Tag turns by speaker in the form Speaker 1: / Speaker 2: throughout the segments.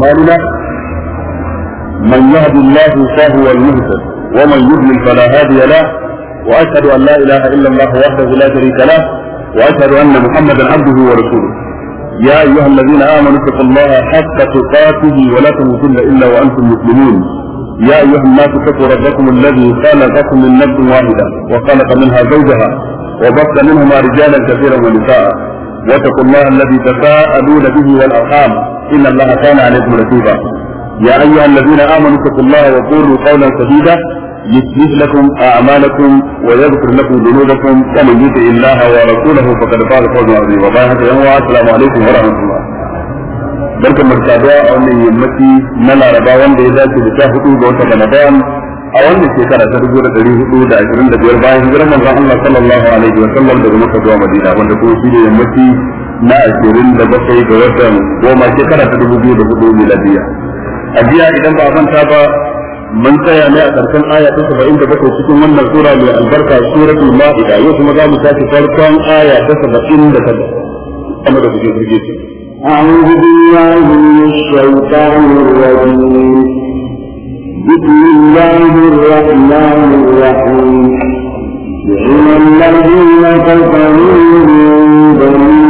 Speaker 1: أعمالنا من يهد الله فهو المهتد ومن يضلل فلا هادي له وأشهد أن لا إله إلا الله وحده لا شريك له وأشهد أن محمدا عبده ورسوله يا أيها الذين آمنوا اتقوا الله حق تقاته ولا تموتن إلا وأنتم مسلمون يا أيها الناس اتقوا ربكم الذي خلقكم من نفس واحدة وخلق منها زوجها وبث منهما رجالا كثيرا ونساء واتقوا الله الذي تساءلون به والأرحام إن الله كان عليكم رقيبا يا أيها الذين آمنوا اتقوا الله وقولوا قولا سديدا يصلح لكم أعمالكم ويغفر لكم ذنوبكم ومن يطع الله ورسوله فقد فاز فوزا عظيما وبارك السلام عليكم ورحمة الله barkan mu saduwa a wannan yammaci na laraba wanda ya dace da sha hudu ga watan ramadan a wannan shekara ta dubu da dari hudu da ashirin da biyar bayan hijirar manzon Allah sallallahu alaihi wa sallam daga Makka zuwa Madina wanda kuma shi ne yammaci na ashirin da bakwai ga watan goma shekara ta dubu biyu da hudu miladiya a jiya idan ba a manta ba mun tsaya ne a karshen aya ta saba'in da bakwai cikin wannan sura mai albarka suratul ma'ida yau kuma za mu tashi farkon aya ta saba'in da ta kama da kuke burge ce أعوذ بالله من الشيطان الرجيم بسم الله الرحمن الرحيم لعن الذين كفروا من بني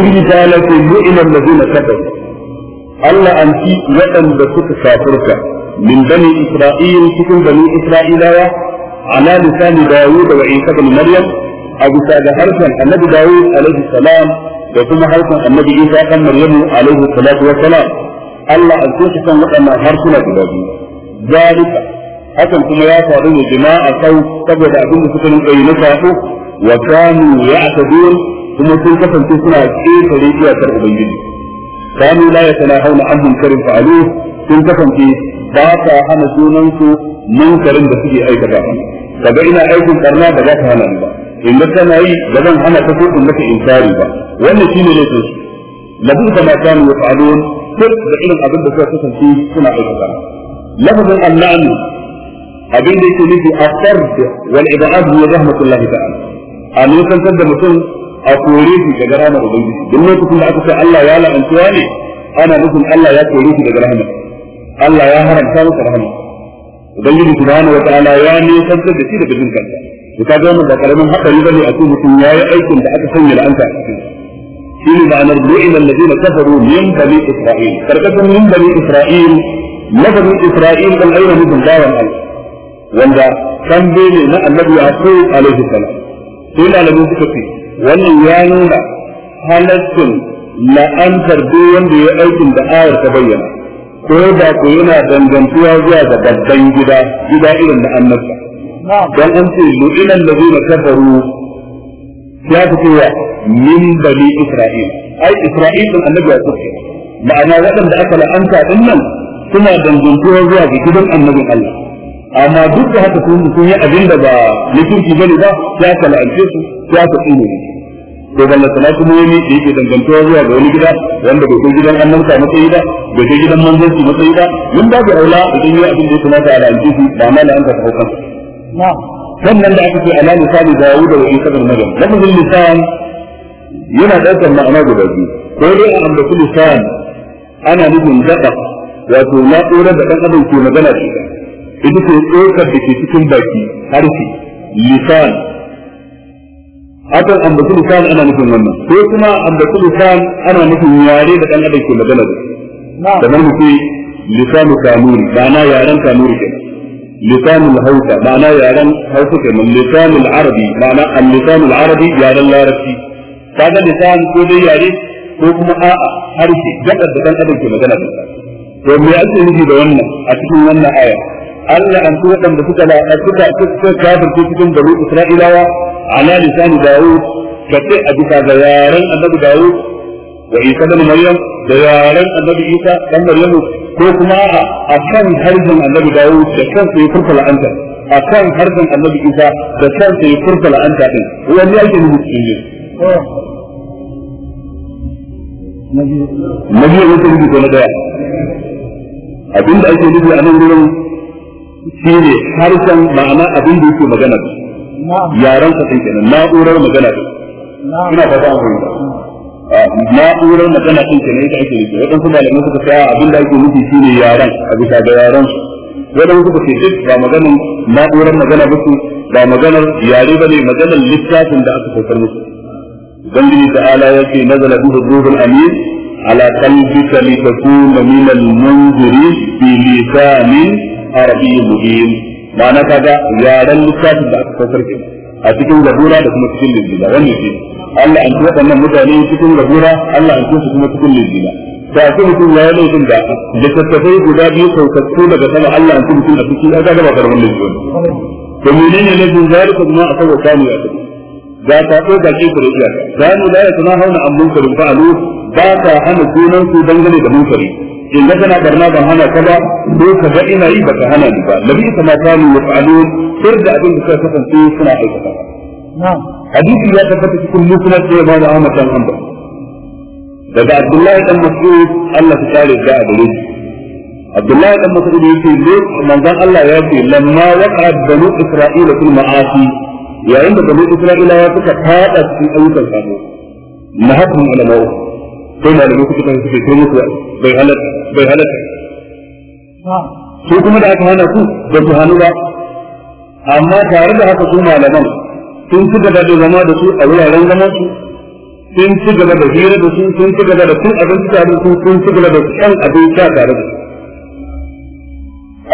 Speaker 1: ubangiji ta ala ce mu'ilan ladina kafaru Allah an ci waɗanda suka kafurta min bani isra'il cikin bani isra'ilawa ala lisani dawud wa isa bin maryam a bisa ga harshen annabi dawud alaihi salam da kuma harshen annabi isa kan maryamu alaihi salatu wa salam Allah an ci kan waɗannan harsuna guda biyu zalika hakan kuma ya faru ne jima'a sau saboda abin da suka rinka yi na sako wa kanu ya'tadun kuma sun kasance suna ƙetare iyakar ubangiji kanu la hauna an munkarin fa'alu sun kasance ba ta hana junansu munkarin da suke aikata kaga ina aikin karna da za ta hana ni ba in da kana yi da zan hana ka ko in maka inkari ba wannan shi ne su labu da ma kanu yaf'alun duk da irin abin da suka kasance suna aikata lafazin annabi abin da yake nufi a sarfi wal ibad huwa rahmatullahi ta'ala a nisan da mutum a kore su daga ranar ubangiji duk lokacin da aka ce Allah ya la'antuwa ne ana nufin Allah ya kore su daga rahama Allah ya haramta masa rahama ubangiji subhanahu wataala ya ne san da shi daga jin kanta to kaga wannan ba karamin hadari bane a cikin mutum yayi aikin da aka sanya la'anta a cikin shi ne ma'anar lu'ina alladhina kafaru min bani isra'il karkashin min bani isra'il lafazin isra'il dan ayyuka mutum dawan Allah wanda kan bene na annabi yaqub alaihi salam sai malamin suka ce wannan ya nuna halaccin la'antar duk wanda ya aikin da ayar ta bayyana ko da ko yana dangantuwa zuwa ga babban gida gida irin da annabta dan an ce da allazina kafaru ya fitowa min bani isra'il ai isra'il din annabi ya kuke ma'ana waɗanda aka la'anta din nan suna dangantuwa zuwa ga gidan annabin Allah amma duk da haka sun yi abin da ba mutunci bane ba ya kala'ance su ya ta tsine ne to dan masana kuma wani da yake dangantuwa zuwa ga wani gida wanda bai kai gidan annabta matsayi ba bai kai gidan manzanci matsayi ba mun ba da aula idan yi abin da ya kamata a lalace shi ba ma la'anta ta hukan sannan da aka ce ala misali dawuda wa isa bin maryam lafazin lisan yana daukar ma'ana guda biyu ko dai a ambaci lisan ana nufin gaba wato na tsoron da ɗan adam ke magana da ita ita ce tsokar da ke cikin baki harfi lisan akan ambaci lisan ana nufin wannan ko kuma ambaci lisan ana nufin yare da dan adam ke magana da da nan mu ce lisanu kanuri ma'ana yaren kanuri ke lisanul hausa ma'ana yaren hausa ke nan lisanul arabi ma'ana al-lisanul arabi yaren larabci kaga lisan ko dai yare ko kuma a'a harshe gadar da dan adam ke magana da to me ake nufi da wannan a cikin wannan aya Allah an tuwa da suka la suka suka kafirce cikin bani Isra'ilawa على لسان dawud ka ce a bisa ga yaren annabi dawud wa isa da maryam da yaren annabi isa dan maryamu ko kuma a kan harshen annabi dawud da kan sai furfa la'anta a kan harshen annabi isa da sai la'anta na daya abinda ake nufi a nan wurin shi ne harshen ma'ana abin da yake magana yaran sa din kenan na'urar magana din ina fata an fahimta ah, na'urar magana din kenan ita ake nufi wadansu malamai suka tsaya abinda ake nufi shine yaran a bisa ga yaran su wadansu suka ce duk ba maganin na'urar magana ba su ba maganar yare ba ne maganar littafin da aka saukar musu ubangiji ta'ala ya ce nazala bihi ruhul amin ala على قلبك لتكون من المنذرين بلسان عربي مبين ma'ana kaga yaran lissafin da aka saukar ke a cikin zabura da kuma cikin linjila wannan shi Allah an tuwa wannan mutane cikin zabura Allah an tuwa kuma cikin linjila da ake mutum ya yi laifin da littattafai guda biyu sautattu daga sama Allah an tuwa mutum a ciki a gaba karɓar linjila to menene laifin zalika kuma a saboda kanu a ciki ga ta ko ga ke kure iya kanu da ya tana hauna an munkarin fa'alu ba ta hana sunan su dangane da munkari in ga tana barna ban hana ka ba ko ka ga ina yi baka hana ni ba labi ita ma kanu yaf'alun sir da abin da suka kasance suna aikata hadisi ya tabbata cikin ba da Imam Ahmad dan daga Abdullahi dan Mas'ud Allah ta kare da gare shi Abdullahi dan Mas'ud yake ne manzon Allah ya ce lamma waqa'a banu Isra'ila fil ma'asi yayin da banu Isra'ila ya suka fada cikin ayyukan sabo nahatu ulama'u sai malamai suka tafi suke sai musu bai halatta bai halatta su kuma da aka hana su ba su hannu ba amma tare da haka su malaman sun ci gaba da zama da su a wuraren zaman su sun ci gaba da hira da su sun ci gaba da sun abinci tare da su sun ci gaba da shan abin sha tare da su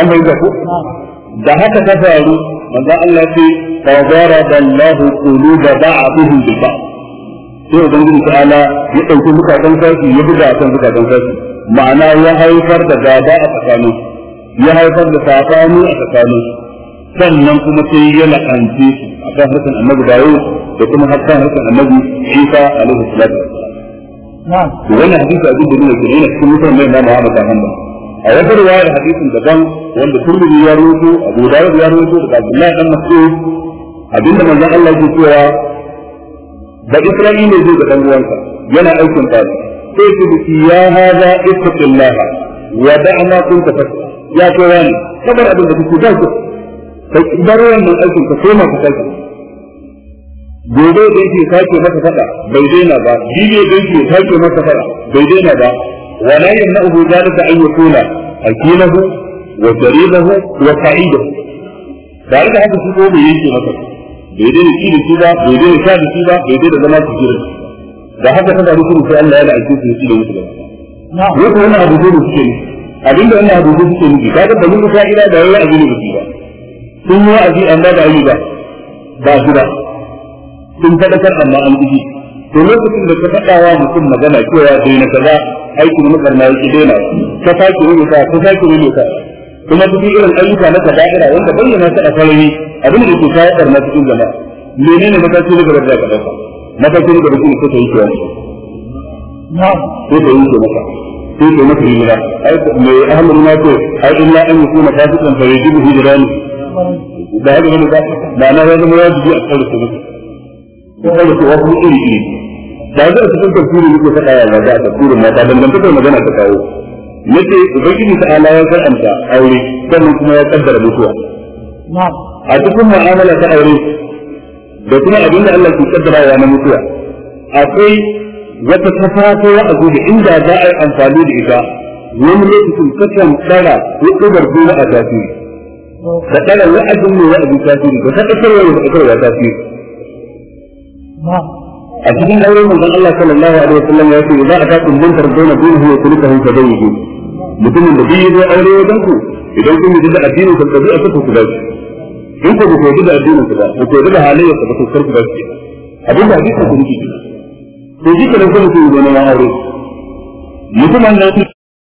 Speaker 1: an bai da ku da haka ta faru manzo Allah ce fa da Allahu quluba ba'dihim bi ba'd sai ubangiji ta'ala ya ɗauki zukatan sashi ya buga akan zukatan sashi ma'ana ya haifar da gaba a tsakanin ya haifar da safani a tsakanin sannan kuma sai ya la'anci su akan harkan annabi dawo da kuma harkan harkan annabi isa alaihi salatu wassalam wannan hadisi abin da nuna kenan cikin mutanen mai namu Muhammad Muhammad a wata riwayar hadisin daban wanda Tirmidhi ya rawaito Abu Dawud ya rawaito da Abdullah dan Mas'ud abinda manzon Allah ke cewa da isra'ila zai ga dan yana aikin ta sai ku bi ya hada ittaqillaha wa da'ma kunta fa ya ce wani kabar abin da kuke dauka kai bar wannan aikin ka koma ka kai gobe da yake sake masa fada bai daina ba jiye da yake sake masa fada bai daina ba wala yamna'uhu zalika an yakuna akilahu wa jaribahu wa sa'idahu da haka haka shi ko bai yake masa bai da ci da shi ba bai da sha da shi ba bai da zama su jira da haka ta faru kuma sai Allah ya la'aike su ci da musu ba wato wannan abu da suke ne abinda wannan abu da suke ne kaga da muka ila da yayi abu ne ba sun yi azi amma ba yi ba ba su ba sun fadakar amma an guji to lokacin da ka faɗa wa mutum magana cewa dai na kaza aikin makarna yake daina ka sake rubuta ka sake rubuta kuma duk irin ayyuka na kaba'ira wanda bayyana ta a sarari abin da ke kayan ɗarna cikin jama'a menene mataki na gaba da ka ɗauka mataki na gaba shine ko ta yi kiwa ko ta yi kiwa ko ta masa hijira ai mai ahlul ma ce ai illa an yakuna fasiqan fa yajibu hijrani da haka ne ba ba na ya zama wajibi a kan su ko da su wasu iri iri da zai cikin tafsirin yake faɗa ya zaga a tafsirin mata dangantakar magana ta kawo yace ubangiji ta ala ya karanta aure sannan kuma ya kaddara mutuwa a cikin mu'amala ta aure da kuma abin da Allah ke kaddara ya na mutuwa akwai wata tafafowa a gobe inda za a yi amfani da ita wani lokacin kasan tsara ko ɗigar juna a tasiri da tsara wa'azin ne wa'azin tasiri da ta wani da ƙasarwa tasiri a cikin aure manzon Allah sallallahu alaihi wasallam ya ce idan aka kun bantar baina dinihi wa kulluhu fa bayyinu mutumin da bai yi aure wajen ku idan kun yi da addinin ka tabi'a ta ku dace in ko ba ku da addinin ku ba ba ku da halayyar ku ba to karku ba ki abin da hadisin ku nake to shi kana kuma ku zo na aure mutumin nan